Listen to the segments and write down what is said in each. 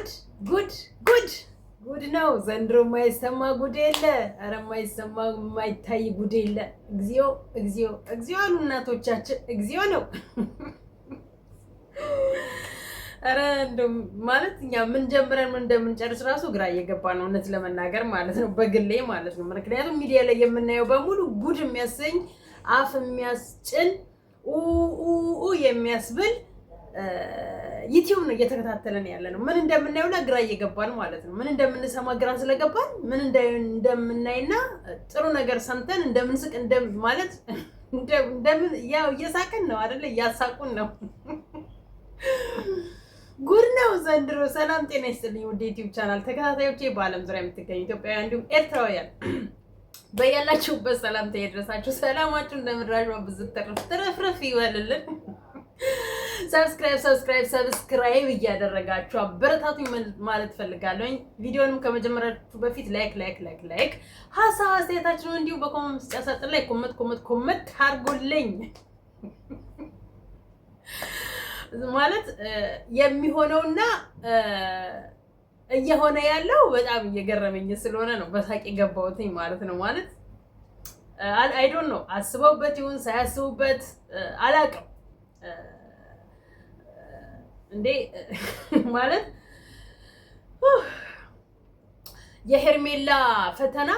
ጉድ ጉድ ጉድ ጉድ ነው ዘንድሮ። የማይሰማ ጉድ የለ። ኧረ የማይሰማ የማይታይ ጉድ የለ። እግዚኦ እግዚኦ እግዚኦ አሉ እናቶቻችን። እግዚኦ ነው። ኧረ እንደው ማለት እኛ ምን ጀምረን ምን እንደምንጨርስ ራሱ ግራ እየገባ ነው፣ እውነት ለመናገር ማለት ነው፣ በግሌ ማለት ነው። ምክንያቱም ሚዲያ ላይ የምናየው በሙሉ ጉድ የሚያሰኝ አፍ የሚያስጭን ኡ ኡ የሚያስብል ዩቲዩብ ነው እየተከታተለን ያለ ነው። ምን እንደምናየውና ግራ እየገባን ማለት ነው። ምን እንደምንሰማ ግራ ስለገባን ምን እንደምናይና ጥሩ ነገር ሰምተን እንደምንስቅ ማለት ያው እየሳቅን ነው አደለ? እያሳቁን ነው። ጉድ ነው ዘንድሮ። ሰላም ጤና ይስጥልኝ ወደ ዩቲዩብ ቻናል ተከታታዮቼ በዓለም ዙሪያ የምትገኙ ኢትዮጵያውያን እንዲሁም ኤርትራውያን በያላችሁበት ሰላምታ ይድረሳችሁ። ሰላማችሁ እንደምድራሽ ብዝት ትርፍርፍ ይበልልን። ሰብስክራይብ ሰብስክራይብ ሰብስክራይብ እያደረጋችሁ አበረታቱ ማለት ፈልጋለሁኝ። ቪዲዮንም ከመጀመሪያችሁ በፊት ላይክ ላይክ ላይክ ላይክ ሀሳብ አስተያየታችሁን እንዲሁ በኮመንት መስጫ ሳጥን ላይ ኮመንት ኮመንት ኮመንት አድርጉልኝ። ማለት የሚሆነውና እየሆነ ያለው በጣም እየገረመኝ ስለሆነ ነው በሳቅ የገባሁትኝ ማለት ነው። ማለት አይ ዶንት ኖ አስበውበት ይሁን ሳያስቡበት አላውቅም። እንዴ ማለት የሄርሜላ ፈተና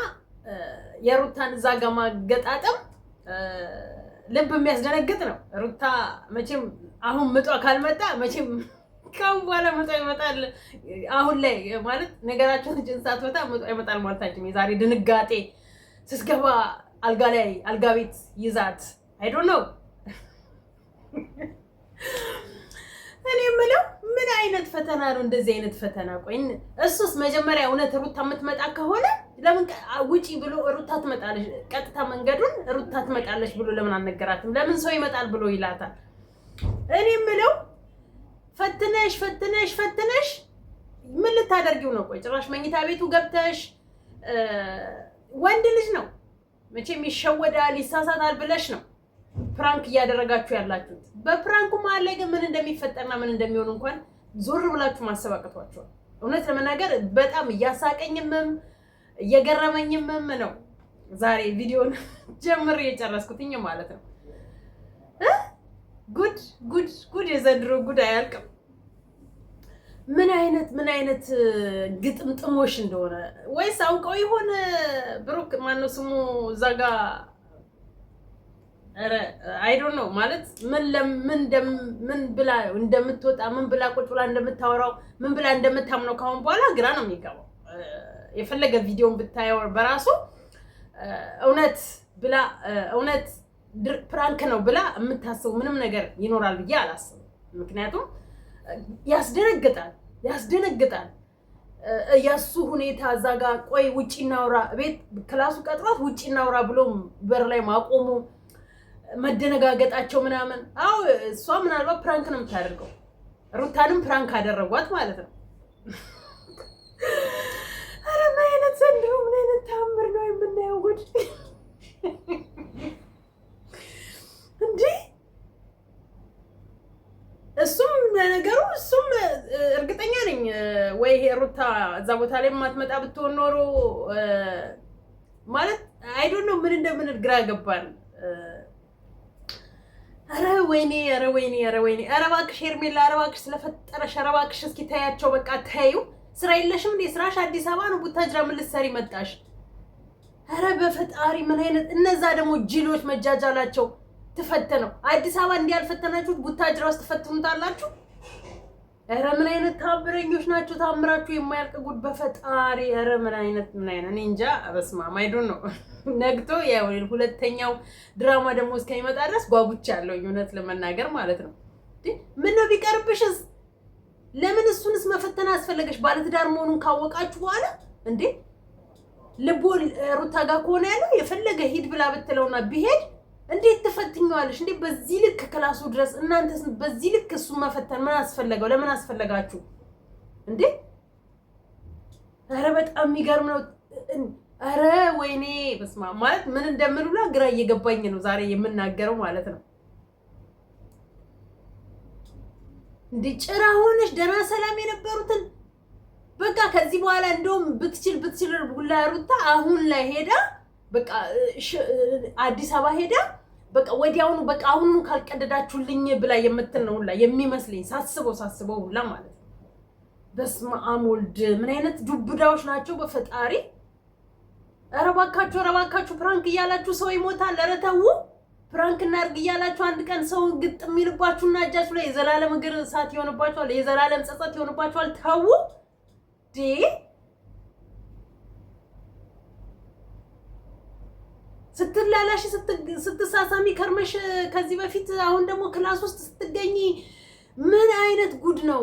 የሩታን እዛ ጋ ማገጣጠም ልብ የሚያስደነግጥ ነው። ሩታ መቼም አሁን ምጧ ካልመጣ መቼም ካሁን በኋላ ምጧ ይመጣል። አሁን ላይ ማለት ነገራቸውን ጭንሳት በታ ምጧ ይመጣል ማለታችን የዛሬ ድንጋጤ ስስገባ አልጋ ላይ አልጋ ቤት ይዛት አይዶ ነው እኔ የምለው ምን አይነት ፈተና ነው እንደዚህ አይነት ፈተና? ቆይ እሱስ መጀመሪያ እውነት ሩታ የምትመጣ ከሆነ ለምን ውጪ ብሎ ሩታ ትመጣለች፣ ቀጥታ መንገዱን ሩታ ትመጣለች ብሎ ለምን አልነገራትም? ለምን ሰው ይመጣል ብሎ ይላታል? እኔ የምለው ፈትነሽ ፈትነሽ ፈትነሽ ምን ልታደርጊው ነው? ቆይ ጭራሽ መኝታ ቤቱ ገብተሽ ወንድ ልጅ ነው መቼም ይሸወዳል፣ ይሳሳታል ብለሽ ነው ፕራንክ እያደረጋችሁ ያላችሁት። በፕራንኩ መሀል ላይ ግን ምን እንደሚፈጠርና ምን እንደሚሆን እንኳን ዞር ብላችሁ ማሰብ አቅቷችኋል። እውነት ለመናገር በጣም እያሳቀኝምም እየገረመኝምም ነው ዛሬ ቪዲዮን ጀምር እየጨረስኩትኝ ማለት ነው። ጉድ ጉድ ጉድ! የዘንድሮ ጉድ አያልቅም። ምን አይነት ምን አይነት ግጥምጥሞሽ እንደሆነ ወይስ አውቀው ይሆን ብሩክ ማነው ስሙ እዛ ጋ አይ ዶንት ኖ ማለት ምን ለምን ምን ብላ እንደምትወጣ ምን ብላ ቁጭ ብላ እንደምታወራው ምን ብላ እንደምታምነው ካሁን በኋላ ግራ ነው የሚገባው። የፈለገ ቪዲዮን ብታየው በራሱ እውነት ብላ እውነት ፕራንክ ነው ብላ የምታስበው ምንም ነገር ይኖራል ብዬ አላስብም። ምክንያቱም ያስደነግጣል፣ ያስደነግጣል የእሱ ሁኔታ እዛ ጋር ቆይ ውጭ እናውራ፣ ቤት ክላሱ ቀጥሯት ውጭ እናውራ ብሎ በር ላይ ማቆሙ መደነጋገጣቸው ምናምን። አዎ እሷ ምናልባት ፕራንክ ነው የምታደርገው። ሩታንም ፕራንክ አደረጓት ማለት ነው። ኧረ ምን አይነት ዘንድሮ ምን አይነት ተምር ነው የምናየው? ጉድ እንዲህ እሱም ለነገሩ እሱም እርግጠኛ ነኝ ወይ ይሄ ሩታ እዛ ቦታ ላይ የማትመጣ ብትሆን ኖሮ ማለት አይዶን ነው ምን እንደምን ግራ ገባን። ኧረ ወይኔ ኧረ ወይኔ ኧረ ወይኔ ኧረ እባክሽ ሄርሜላ ኧረ እባክሽ ስለፈጠረሽ ኧረ እባክሽ እስኪ ተያቸው በቃ ተያዩ ስራ የለሽም እንዴ ስራሽ አዲስ አበባ ነው ቡታጅራ ምን ልትሰሪ መጣሽ ኧረ በፈጣሪ ምን አይነት እነዛ ደግሞ ጅሎች መጃጃላቸው ትፈተነው አዲስ አበባ እንዲህ ያልፈተናችሁት ቡታጅራ ውስጥ ትፈትኑታላችሁ ኧረ ምን አይነት ታምረኞች ናቸው! ታምራችሁ የማያልቅ ጉድ በፈጣሪ ኧረ ምን አይነት ምን አይነት እኔ እንጃ። በስመ አብ አይዶን ነው ነግቶ ሁለተኛው ድራማ ደግሞ እስከሚመጣ ድረስ ጓጉቻ ያለውኝ እውነት ለመናገር ማለት ነው። ምን ነው ቢቀርብሽስ? ለምን እሱንስ መፈተን አስፈለገሽ? ባለትዳር መሆኑን ካወቃችሁ በኋላ እንዴ ልቦ ሩታ ጋር ከሆነ ያለው የፈለገ ሂድ ብላ ብትለውና ቢሄድ እንዴት ትፈትኛዋለሽ? እንዴት በዚህ ልክ ክላሱ ድረስ እናንተ በዚህ ልክ እሱ መፈተን ምን አስፈለገው? ለምን አስፈለጋችሁ እንዴ? ኧረ በጣም የሚገርም ነው። ኧረ ወይኔ በስመ አብ ማለት ምን እንደምሉላ ግራ እየገባኝ ነው ዛሬ የምናገረው ማለት ነው። እንዴ ጭራ ሆነሽ ደህና ሰላም የነበሩትን በቃ ከዚህ በኋላ እንደውም ብትችል ብትችል ሁላ ሩታ አሁን ላይ ሄዳ በቃ አዲስ አበባ ሄዳ በቃ ወዲያውኑ በቃ አሁኑ ካልቀደዳችሁልኝ ብላ የምትል ነው ሁላ የሚመስለኝ ሳስበው ሳስበው ሁላ ማለት ነው። በስመ አብ ወልድ ምን አይነት ዱብዳዎች ናቸው በፈጣሪ። ረባካችሁ ረባካችሁ ፕራንክ እያላችሁ ሰው ይሞታል። ኧረ ተው ፕራንክ እናድርግ እያላችሁ አንድ ቀን ሰው ግጥ የሚልባችሁና እጃችሁ ላይ የዘላለም እግር እሳት ይሆንባችኋል፣ የዘላለም ጸጸት ይሆንባችኋል። ተው ዴ እያላሽ ስትሳሳሚ ከርመሽ ከዚህ በፊት አሁን ደግሞ ክላስ ውስጥ ስትገኝ ምን አይነት ጉድ ነው?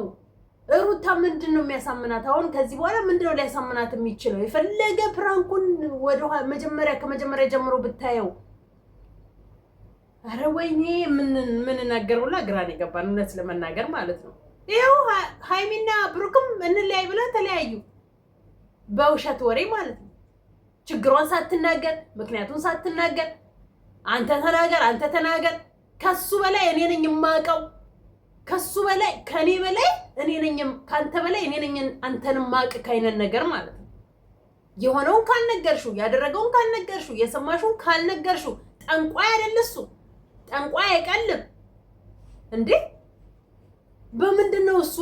ሩታ ምንድን ነው የሚያሳምናት? አሁን ከዚህ በኋላ ምንድን ነው ሊያሳምናት የሚችለው? የፈለገ ፕራንኩን ወደ መጀመሪያ ከመጀመሪያ ጀምሮ ብታየው አረ ወይኔ ምንናገር ብላ ግራን የገባን እውነት ለመናገር ማለት ነው። ይኸው ሀይሚና ብሩክም እንለያይ ብለ ተለያዩ፣ በውሸት ወሬ ማለት ነው። ችግሯን ሳትናገር ምክንያቱን ሳትናገር አንተ ተናገር አንተ ተናገር። ከሱ በላይ እኔ ነኝ የማውቀው። ከሱ በላይ ከኔ በላይ እኔ ነኝ ካንተ በላይ እኔ ነኝ አንተን ማቅ ከአይነት ነገር ማለት ነው። የሆነውን ካልነገርሹ ያደረገውን ካልነገርሹ የሰማሽውን ካልነገርሹ ጠንቋይ አይደል እሱ። ጠንቋይ አይቀልም እንዴ! በምንድን ነው እሱ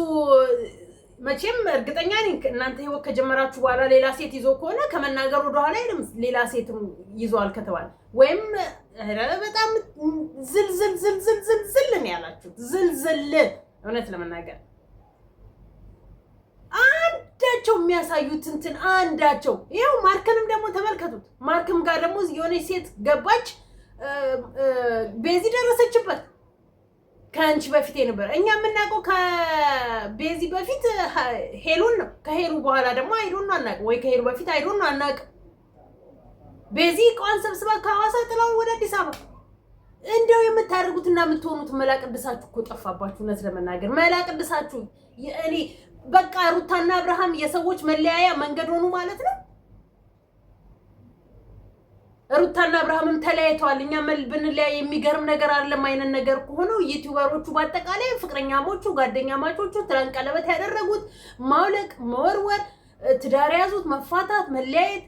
መቼም እርግጠኛ ነኝ እናንተ ህይወት ከጀመራችሁ በኋላ ሌላ ሴት ይዞ ከሆነ ከመናገር ወደኋላ አይልም። ሌላ ሴትም ይዘዋል ከተባለ ወይም በጣም ዝልዝል ዝልዝል ዝልዝል ነው ያላችሁ ዝልዝል። እውነት ለመናገር አንዳቸው የሚያሳዩት እንትን አንዳቸው ይኸው ማርክንም ደግሞ ተመልከቱት። ማርክም ጋር ደግሞ የሆነች ሴት ገባች፣ ቤዚ ደረሰችበት ከአንቺ በፊት የነበረ እኛ የምናውቀው ከቤዚ በፊት ሄሉን ነው። ከሄሉ በኋላ ደግሞ አይዶን አናውቅም፣ ወይ ከሄሉ በፊት አይዶን አናውቅም። ቤዚ ቋን ሰብስባ ከሐዋሳ ጥላው ወደ አዲስ አበባ እንደው የምታደርጉትና የምትሆኑት መላ ቅድሳችሁ እኮ ጠፋባችሁ። እውነት ለመናገር መላ ቅድሳችሁ እኔ በቃ ሩታና አብርሃም የሰዎች መለያያ መንገድ ሆኑ ማለት ነው። ሩታና አብርሃምም ተለያይተዋል። እኛ ላይ የሚገርም ነገር አለም አይነት ነገር ከሆነ ዩቲዩበሮቹ በአጠቃላይ ፍቅረኛሞቹ፣ ማቾቹ ትላንት ቀለበት ያደረጉት ማውለቅ፣ መወርወር፣ ትዳር የያዙት መፋታት፣ መለያየት፣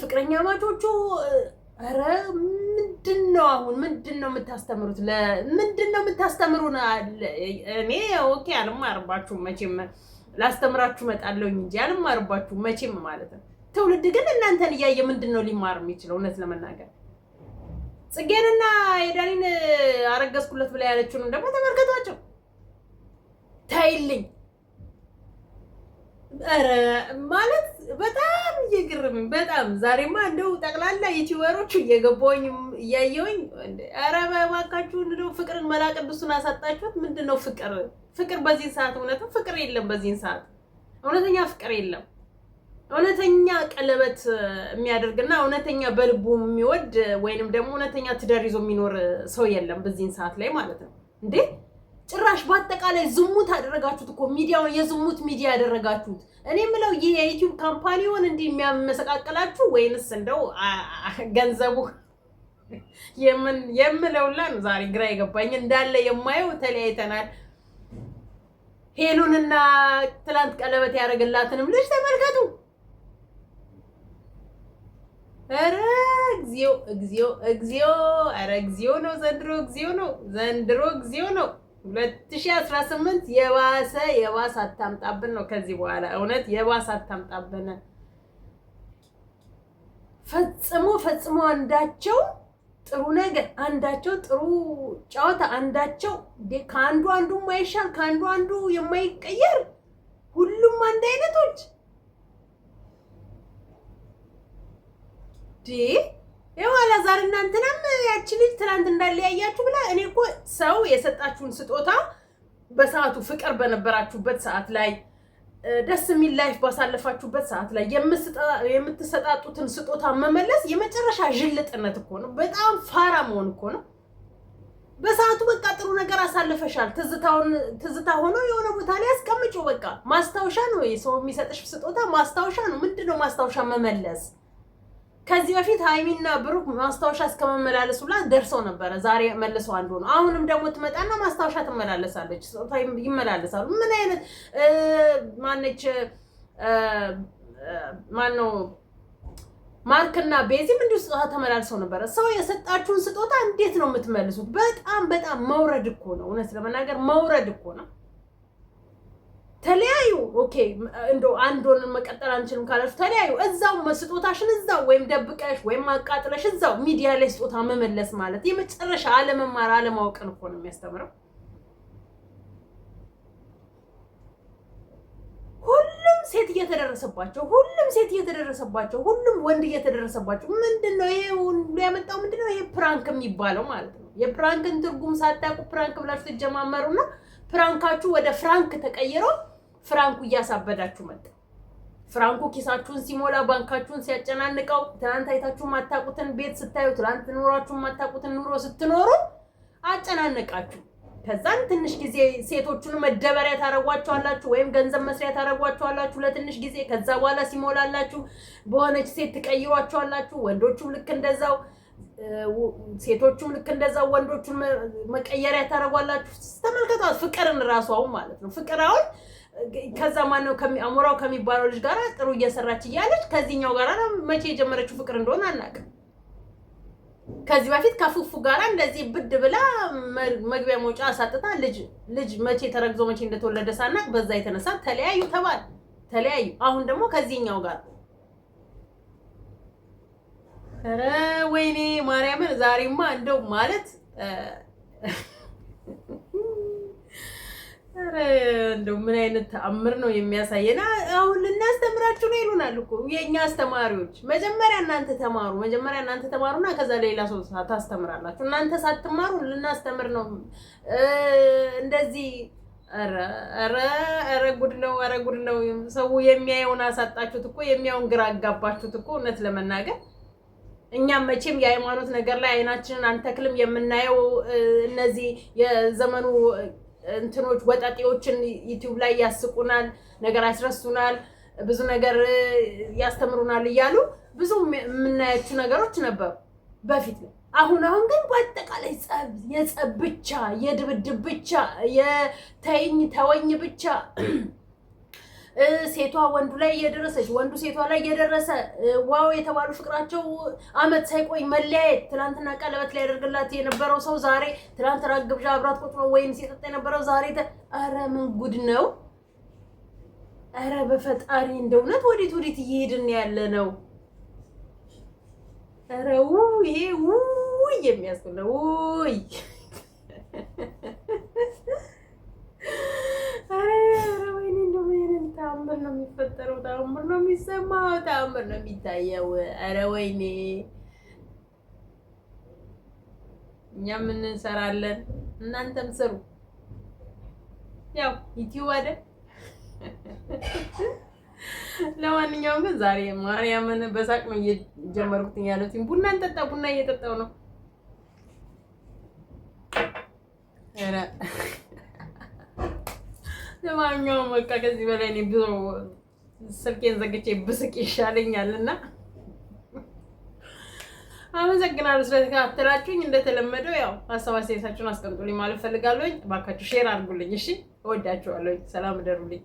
ፍቅረኛማቾቹ ኧረ ምንድን ነው አሁን? ምንድን ነው የምታስተምሩት? ምንድን ነው የምታስተምሩን? እኔ ኦኬ አልማርባችሁም መቼም ላስተምራችሁ እመጣለሁ እንጂ አልማርባችሁም መቼም ማለት ነው። ትውልድ ግን እናንተን እያየ ምንድን ነው ሊማር የሚችለው? እውነት ለመናገር ጽጌንና የዳኒን አረገዝኩለት ብላ ያለችውንም ደግሞ ተመልከቷቸው። ታይልኝ ኧረ ማለት በጣም እየግርም በጣም ዛሬማ እንደው ጠቅላላ ዩቲዩበሮቹ እየገባኝ እያየውኝ፣ ኧረ እባካችሁ እንደው ፍቅርን መላቅዱሱን ቅዱሱን አሳጣችሁት። ምንድን ነው ፍቅር? ፍቅር በዚህን ሰዓት እውነትም ፍቅር የለም። በዚህን ሰዓት እውነተኛ ፍቅር የለም። እውነተኛ ቀለበት የሚያደርግና እውነተኛ በልቡ የሚወድ ወይንም ደግሞ እውነተኛ ትዳር ይዞ የሚኖር ሰው የለም በዚህን ሰዓት ላይ ማለት ነው። እንዴ ጭራሽ በአጠቃላይ ዝሙት አደረጋችሁት እኮ ሚዲያውን የዝሙት ሚዲያ ያደረጋችሁት። እኔ የምለው ይህ የዩቲዩብ ካምፓኒውን እንዲህ የሚያመሰቃቅላችሁ ወይንስ እንደው ገንዘቡ የምለውላ ዛሬ ግራ የገባኝ እንዳለ የማየው ተለያይተናል። ሄሉንና ትላንት ቀለበት ያደረግላትንም ልጅ ተመልከቱ። ኧረ እግዚኦ እግዚኦ እግዚኦ ኧረ እግዚኦ ነው ዘንድሮ፣ እግዚኦ ነው ዘንድሮ፣ እግዚኦ ነው። 2018 የባሰ የባሰ አታምጣብን ነው ከዚህ በኋላ እውነት የባሰ አታምጣብን። ፈጽሞ ፈጽሞ አንዳቸው ጥሩ ነገር አንዳቸው ጥሩ ጨዋታ አንዳቸው ከአንዱ አንዱ የማይሻል ከአንዱ አንዱ የማይቀየር ሁሉም አንድ አይነቶች ይኸው አላዛር እና እንትናም ያቺ ልጅ ትናንት እንዳለያያችሁ ብላ እኔ እኮ ሰው የሰጣችሁን ስጦታ በሰዓቱ ፍቅር በነበራችሁበት ሰዓት ላይ ደስ የሚል ላይፍ ባሳለፋችሁበት ሰዓት ላይ የምትሰጣጡትን ስጦታ መመለስ የመጨረሻ ዥልጥነት እኮ ነው። በጣም ፋራ መሆን እኮ ነው። በሰዓቱ በቃ ጥሩ ነገር አሳልፈሻል። ትዝታ ሆኖ የሆነ ቦታ ላይ አስቀምጪው። በቃ ማስታወሻ ነው። የሰው የሚሰጥሽ ስጦታ ማስታወሻ ነው። ምንድነው ማስታወሻ መመለስ ከዚህ በፊት ሀይሚና ብሩክ ማስታወሻ እስከመመላለስ ላ ደርሰው ነበረ። ዛሬ መልሰው አንዱ ነው። አሁንም ደግሞ ትመጣና ማስታወሻ ትመላለሳለች፣ ይመላለሳሉ። ምን አይነት ማነች? ነው? ማርክና ቤዚም እንዲሁ ስጦታ ተመላልሰው ነበረ። ሰው የሰጣችሁን ስጦታ እንዴት ነው የምትመልሱት? በጣም በጣም መውረድ እኮ ነው። እውነት ለመናገር መውረድ እኮ ነው። ተለያዩ። ኦኬ እንዶ አንዶን መቀጠል አንችልም ካላችሁ ተለያዩ። እዛው ስጦታሽን እዛው ወይም ደብቀሽ ወይም አቃጥለሽ እዛው ሚዲያ ላይ ስጦታ መመለስ ማለት የመጨረሻ አለመማር አለማወቅን እኮ ነው የሚያስተምረው። ሁሉም ሴት እየተደረሰባቸው ሁሉም ሴት እየተደረሰባቸው ሁሉም ወንድ እየተደረሰባቸው ምንድን ነው ይሄ ሁሉ ያመጣው? ምንድን ነው ይሄ ፕራንክ የሚባለው ማለት ነው። የፕራንክን ትርጉም ሳታውቁ ፕራንክ ብላችሁ ትጀማመሩና ፕራንካችሁ ወደ ፍራንክ ተቀይረው ፍራንኩ እያሳበዳችሁ መጣ። ፍራንኩ ኪሳችሁን ሲሞላ ባንካችሁን ሲያጨናንቀው፣ ትናንት አይታችሁ ማታቁትን ቤት ስታዩ፣ ትናንት ኑሯችሁ ማታቁትን ኑሮ ስትኖሩ አጨናነቃችሁ። ከዛም ትንሽ ጊዜ ሴቶቹን መደበሪያ ታረጓቸዋላችሁ፣ ወይም ገንዘብ መስሪያ ታረጓቸዋላችሁ ለትንሽ ጊዜ። ከዛ በኋላ ሲሞላላችሁ በሆነች ሴት ትቀይሯቸዋላችሁ። ወንዶቹም ልክ እንደዛው፣ ሴቶቹም ልክ እንደዛው ወንዶቹን መቀየሪያ ታረጓላችሁ። ተመልከቷት ፍቅርን ራሷውን ማለት ነው ፍቅር አሁን ከዛ ነው አሞራው ከሚባለው ልጅ ጋር ጥሩ እየሰራች እያለች ከዚህኛው ጋር መቼ የጀመረችው ፍቅር እንደሆነ አናውቅም። ከዚህ በፊት ከፉፉ ጋር እንደዚህ ብድ ብላ መግቢያ መውጫ አሳጥታ ልጅ ልጅ መቼ ተረግዞ መቼ እንደተወለደ ሳናቅ በዛ የተነሳ ተለያዩ ተባለ፣ ተለያዩ። አሁን ደግሞ ከዚህኛው ጋር ኧረ ወይኔ ማርያምን ዛሬማ እንደው ማለት ኧረ እንደው ምን አይነት ተአምር ነው የሚያሳየን? አሁን ልናስተምራችሁ ነው ይሉናል እኮ የእኛ አስተማሪዎች። መጀመሪያ እናንተ ተማሩ፣ መጀመሪያ እናንተ ተማሩና ከዛ ሌላ ሰው ታስተምራላችሁ። እናንተ ሳትማሩ ልናስተምር ነው እንደዚህ። ኧረ ጉድ ነው፣ ኧረ ጉድ ነው። ሰው የሚያየውን አሳጣችሁት እኮ፣ የሚያየውን ግራ አጋባችሁት እኮ እውነት ለመናገር እኛም መቼም የሃይማኖት ነገር ላይ አይናችንን አንተክልም። የምናየው እነዚህ የዘመኑ እንትኖች ወጠጤዎችን ዩቲዩብ ላይ ያስቁናል፣ ነገር ያስረሱናል፣ ብዙ ነገር ያስተምሩናል እያሉ ብዙ የምናያቸው ነገሮች ነበሩ በፊት ነው። አሁን አሁን ግን በአጠቃላይ ጸብ፣ የጸብ ብቻ፣ የድብድብ ብቻ፣ የተይኝ ተወኝ ብቻ ሴቷ ወንዱ ላይ እየደረሰች ወንዱ ሴቷ ላይ እየደረሰ ዋው የተባሉ ፍቅራቸው አመት ሳይቆይ መለያየት። ትናንትና ቀለበት ሊያደርግላት የነበረው ሰው ዛሬ ትናንት ራት ግብዣ አብራት ቁጭ ወይም ሲጠጣ የነበረው ዛሬ ኧረ ምን ጉድ ነው! ኧረ በፈጣሪ እንደ እውነት ወዴት ወዴት እየሄድን ያለ ነው? ኧረ ውይ ይሄ ውይ የሚያስብለው ውይ ታምር ነው የሚሰማው፣ ታምር ነው የሚታየው። ኧረ ወይኔ እኛም እንሰራለን፣ እናንተም ስሩ። ያው ዩቲዩብ አይደል? ለማንኛውም ግን ዛሬ ማርያምን በሳቅ ነው እየጀመርኩት ያለሁት። ቡና እንጠጣ፣ ቡና እየጠጣው ነው። ለማንኛውም በቃ ከዚህ በላይ ነው ብዙ ስልኬን ዘግቼ ብስቅ ይሻለኛል እና አመሰግናለሁ ስለተከታተላችሁኝ። እንደተለመደው ያው ሀሳብ አስተያየታችሁን አስቀምጡልኝ ማለት ፈልጋለሁኝ። እባካችሁ ሼር አድርጉልኝ። እሺ፣ እወዳችኋለሁኝ። ሰላም እደሩልኝ።